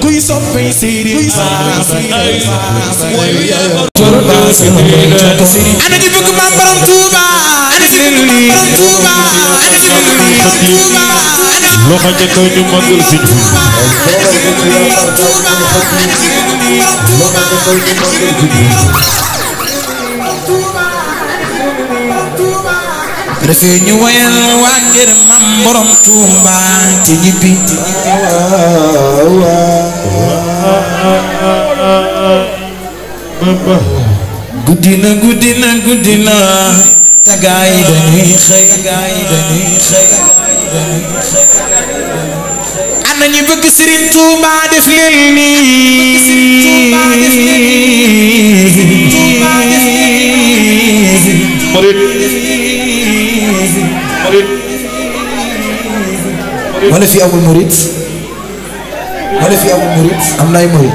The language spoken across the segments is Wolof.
Kuy soppay sidi Kuy soppay sidi Kuy soppay sidi ana ki bëgg maam borom Touba ana ki bëgg maam borom Touba ana ki bëgg maam borom Touba loxo ca kaw ñu màggal sëñ bi dafay ñu woyal waa ngir maam borom Touba ci ñibbi waaw waaw guddi na guddi na guddi na tagaay dañuy xëy tagaay dañuy bëgg Serigne Touba def leen nii murid murid wala fi amul murid am nay murid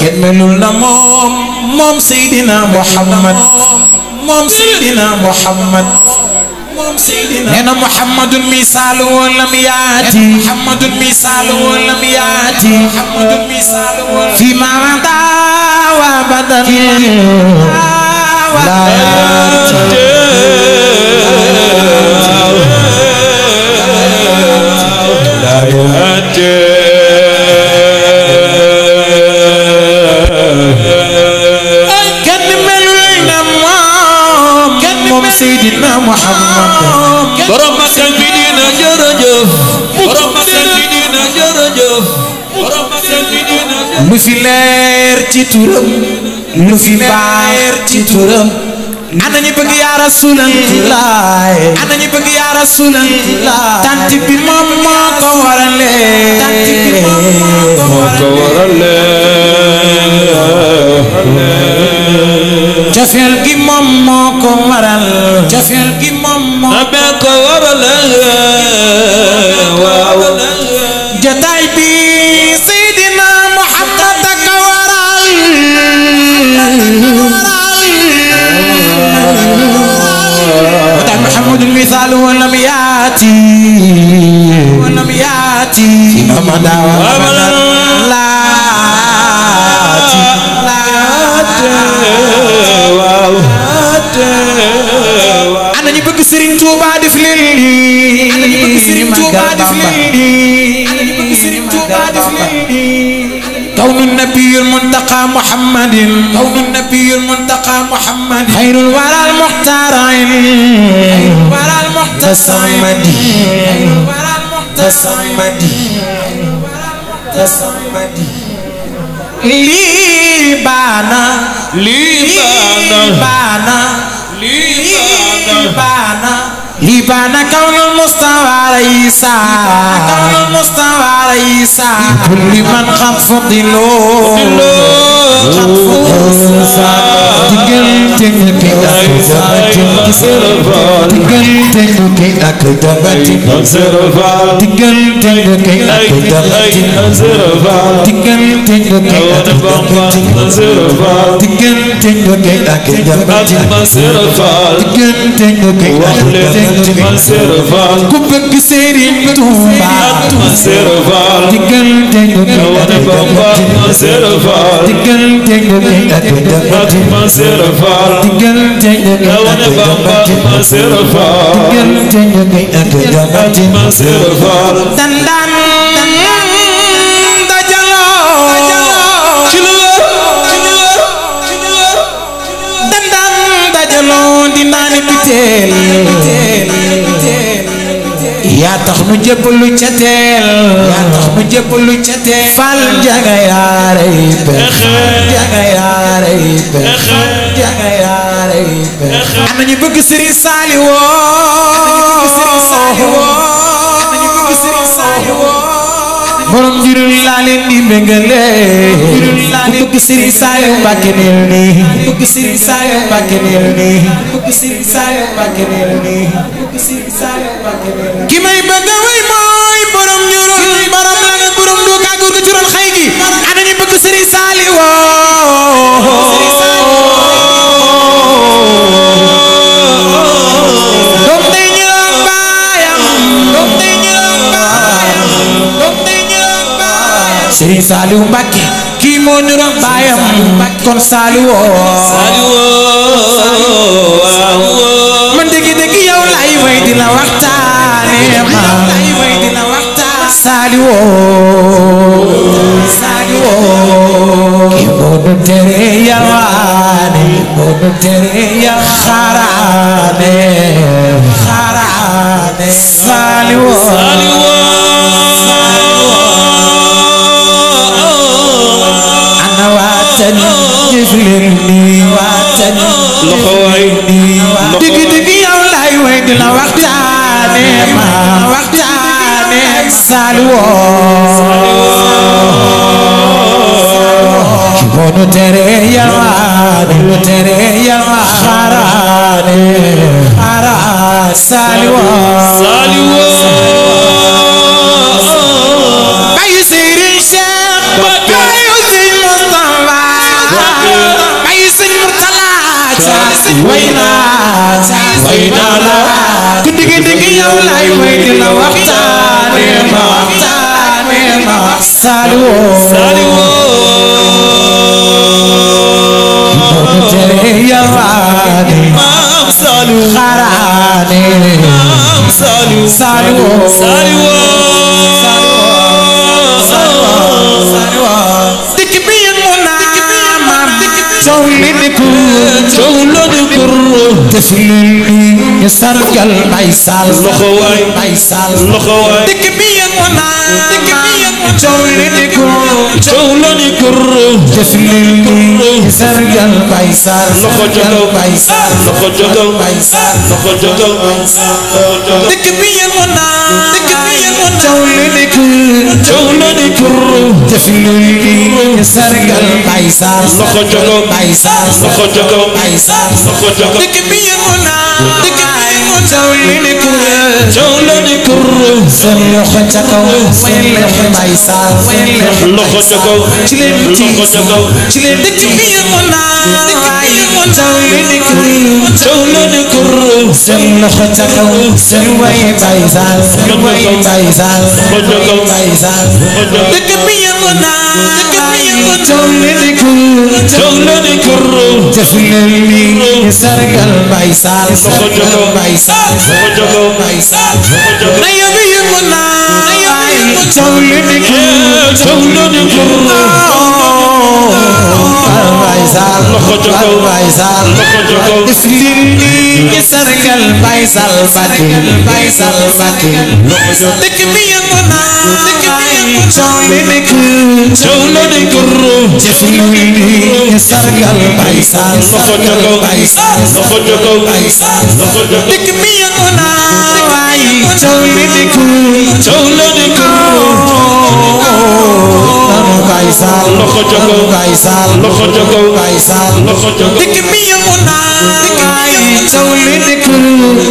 كملوا لمام مام سيدنا محمد مام سيدنا محمد أنا محمد المثال ولم يأتي محمد المثال ولم يأتي فيما رضى وابدا لا يأتي لا يأتي turam lu fi baax ci turam ana ñi bëgg yaa rasulallah ana ñi bëgg yaa rasulallah tant bi moom moo ko warale tant bi moom moo ko warale cofeel gi moom moo ko waral cofeel gi moom moo ko waral مثال ولم ياتي ولم ياتي فيما مدى وابدا لا ana ñu bëgg Serigne Touba def leen lii ana ñu bëgg Serigne Touba def leen lii ana ñu bëgg Serigne Touba def leen lii كون النبي المنتقى محمد كون النبي المنتقى محمد خير الورى المختار tasamadi tasamadi tasamadi libana libana libana libana kawnal mustawa raisa kawnal mustawa raisa kulli man xamsu dilo xamsu diggante ¿Qué? ak dabati azrafal diggante nga kay ak dabati azrafal diggante nga kay ak dabati azrafal diggante ak jannati masrafar dandan dajaloo ci dandan di naan biteel yaa tax ca tax nu jébbalu ca fal jaga yaare yi pex jaga yaare yi pex jaga borom njurul laa leen di mbëggale ku bëgg Serigne Saliou Mbacké neel nii ku bëgg Serigne Saliou Mbacké neel nii ku bëgg Serigne Saliou Mbacké neel nii ki may bëgg Saliou Mbacké kii moo ñu baayam kon Saliou woo man dëgg dëgg yow lay way di la waxtaane ma Saliou woo Saliou woo kii moo ñu tere yalwaane kii moo ñu tere yal xara saaliwoo ki bonu tere yalwaane lu tere yalwaane xaaraane xaaraane saaliwoo bayu sëriñ Cheikh bayu sëriñ Moustapha bayu sëriñ Murtala way naa way naa la ku digi digi yow lay way di la waxtaan سالو سالو امام سالو سالو سالو سالو تفلي يسرق البيسال لخواي بيسال لخواي دك sargal bay sar loxo jogal bay sar loxo jogal bay sar loxo jogal bay sar dëkk bi yëngu naa dëkk bi yëngu naa coow la di kur coow la di kur jëf li sargal bay sar loxo jogal bay sar loxo jogal bay sar loxo jogal dëkk bi yëngu naa dëkk seen loxo ca kaw seen loxo bay saal seen loxo ca kaw ci leen dëkk ci leen dëkk bi yëngu naa waaye yëngu taw yi dëkk bi taw la dëkk seen loxo ca kaw seen way bay saal seen way bay saal seen way bay saal dëkk bi yëngu naa dëkk bi yëngu taw yi dëkk def ne lii sargal Baye Sall sargal Baye Sall sargal Baye Sall na yóbbu yóbbu naa na yóbbu yóbbu taw leen ko taw leen ko Baye Sall Baye Sall def lii sargal Baye Sall Mbacké Baye Sall Mbacké dëkk bi yóbbu naa dëkk bi yóbbu taw leen ko taw leen ci fii sargal Baye Sall sargal Baye Sall sargal Baye Sall dëkk bi yëngu naa waaye coow li dikku coow la dikku nanu Baye Sall nanu Baye Sall nanu Baye Sall dëkk bi yëngu naa waaye coow li dikku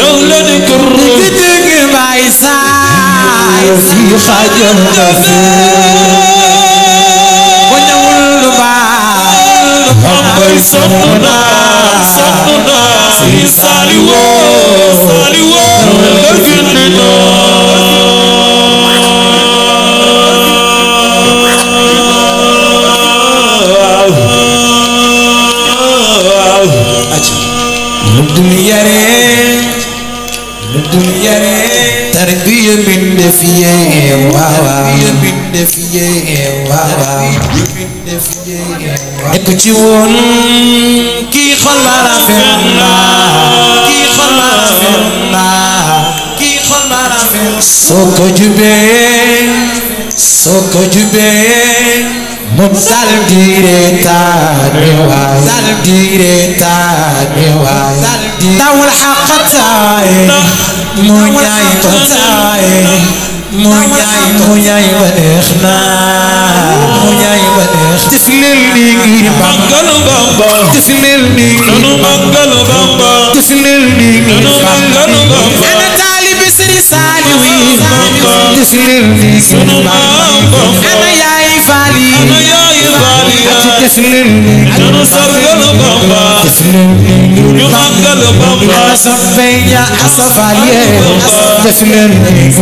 coow la dikku dëkk Baye Sall si xajal na fi mooy soxna soxna si Saliou Saliou bindéef yee waawaaw nekk ci kii xol ba rafet naa kii xol ba rafet naa soo ko jubee soo ko jubee mom salim diire taani wa salim diire taani wa nawal xaq taay mu ñaay ko taay mu ñaay mu ñaay ba neex naa mu ñaay ba neex tislil ni ngir bangalu bamba tislil ni ngir bangalu bamba tislil ni ngir bangalu bamba ana taalibi sëriñ saaliwi tislil ni ngir bamba ana يفعلي يا يفعلي تسلمني انا صغر بابا تسلمني يفعل بابا صب يا اصف عليه تسلمني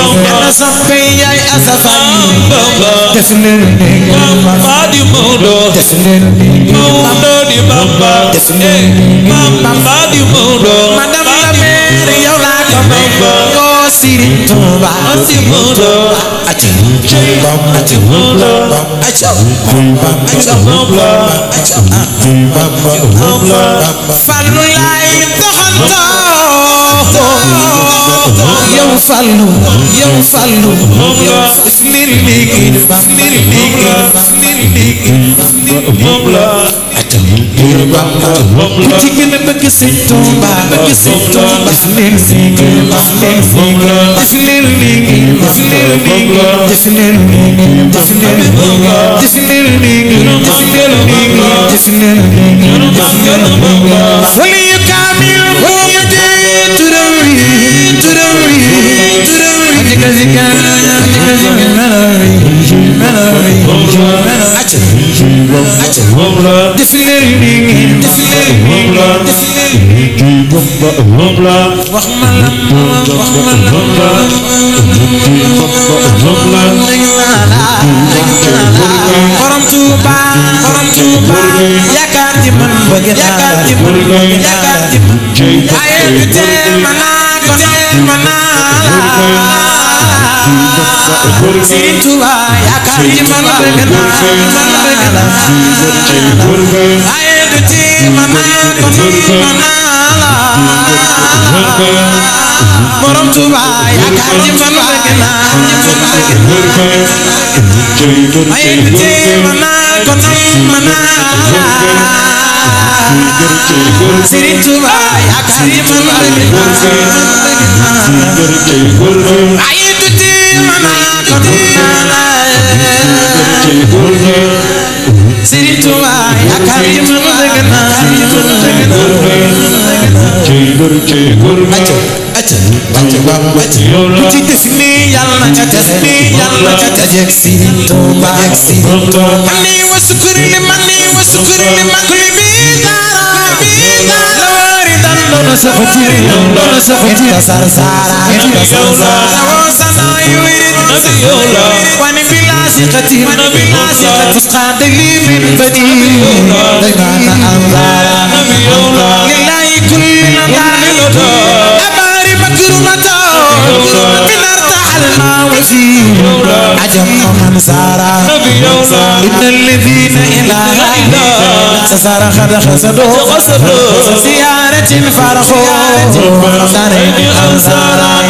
انا صب يا اصف عليه تسلمني فادي مولو تسلمني مولو دي بابا تسلمني بابا فادي مولو مدام ميري يا بابا siri tumba asimolo atinje atimolo achomba achomolo achomolo falulai tohoto yow falu yow falu snirligi snirligi snirligi snirligi Yorùbá jigéen na bëgg sëñ Tuuba bëgg sëñ Tuuba def leen liggéey def leen liggéey def leen liggéey def leen liggéey def leen liggéey def leen liggéey def leen liggéey def leen liggéey def leen liggéey def leen liggéey wala yu kaamil wala mu dee turam wi turam wi turam wi Jai Jai Jai Jai Serigne Touba yaakaar ji man bëgg naa man bëgg naa waaye du ci mën naa ko nii mën naa la borom Touba yaakaar ji man bëgg naa waaye du ci mën naa ko nii mën naa la Serigne Touba yaakaar ji man bëgg naa waaye du ci ku ci def nii yàlla na ca des nii yàlla na ca des jeeg si Tuuba jeeg si. am nañu wasu kuréel yi man nañu wasu kuréel yi mag li bii dara. سختي يلا سختي انت سرسارة انت سرسارة وصنا يريد يلا وانا بلا ثقتي وانا بلا ثقتي قاد لي من بديل دايما انظار لله كل نظر اباري مكرمته من ارتاح الماوسين عجب من سارة ان الذين الى غيره سسرخ دخسدو زيارة فرخو دارين أنصارا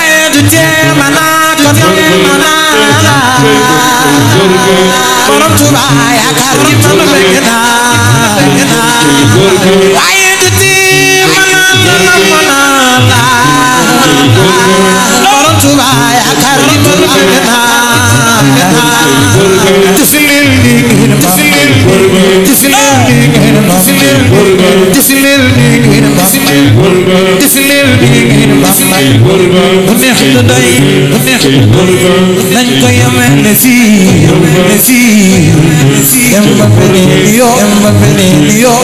أيد تيمنا تيمنا مرمت بايا كريم بكنا أيد تيمنا تيمنا مرمت بايا كريم بكنا تسلل لي تسلل لي تسلل لي تسلل لي تسلل لي تسلل لي منيح تداي منيح نان كو يوم نسي نسي يوم بني يوم بني